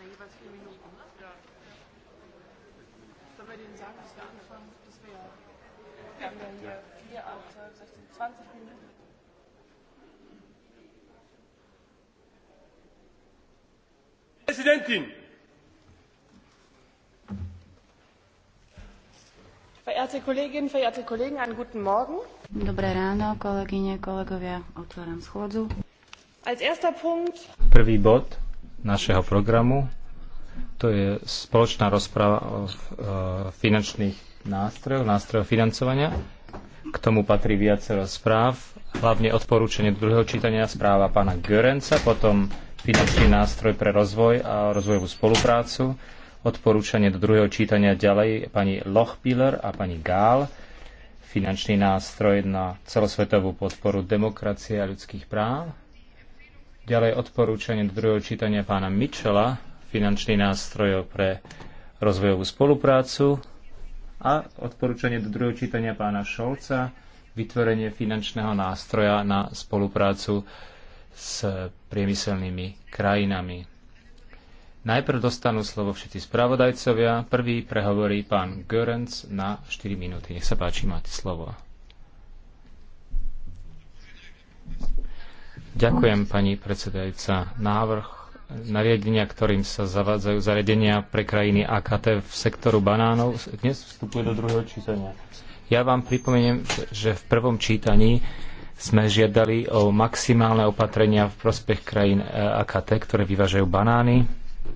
ja jeweils vier Minuten. Ne? Ja. Sollen wir denen sagen, dass wir anfangen, dass wir ja, wir haben ja hier vier, acht, zwölf, sechzehn, zwanzig Minuten. Präsidentin! Verehrte Kolleginnen, verehrte Kollegen, einen guten Morgen. Dobré ráno, kolegyne, kolegovia, otváram schôdzu. Als erster Punkt. Prvý bod našeho programu. To je spoločná rozpráva o e, finančných nástrojoch, nástrojoch financovania. K tomu patrí viacero správ, hlavne odporúčanie do druhého čítania správa pána Görenca, potom finančný nástroj pre rozvoj a rozvojovú spoluprácu, odporúčanie do druhého čítania ďalej pani Lochpiller a pani Gál, finančný nástroj na celosvetovú podporu demokracie a ľudských práv, Ďalej odporúčanie do druhého čítania pána Mitchella, finančný nástroj pre rozvojovú spoluprácu a odporúčanie do druhého čítania pána Šolca, vytvorenie finančného nástroja na spoluprácu s priemyselnými krajinami. Najprv dostanú slovo všetci spravodajcovia. Prvý prehovorí pán Görens na 4 minúty. Nech sa páči, máte slovo. Ďakujem, pani predsedajúca. Návrh nariadenia, ktorým sa zavádzajú zariadenia pre krajiny AKT v sektoru banánov, dnes vstupuje do druhého čítania. Ja vám pripomeniem, že v prvom čítaní sme žiadali o maximálne opatrenia v prospech krajín e, AKT, ktoré vyvážajú banány